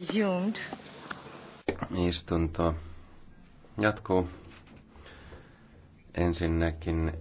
resumed. Istunto jatkuu. Ensinnäkin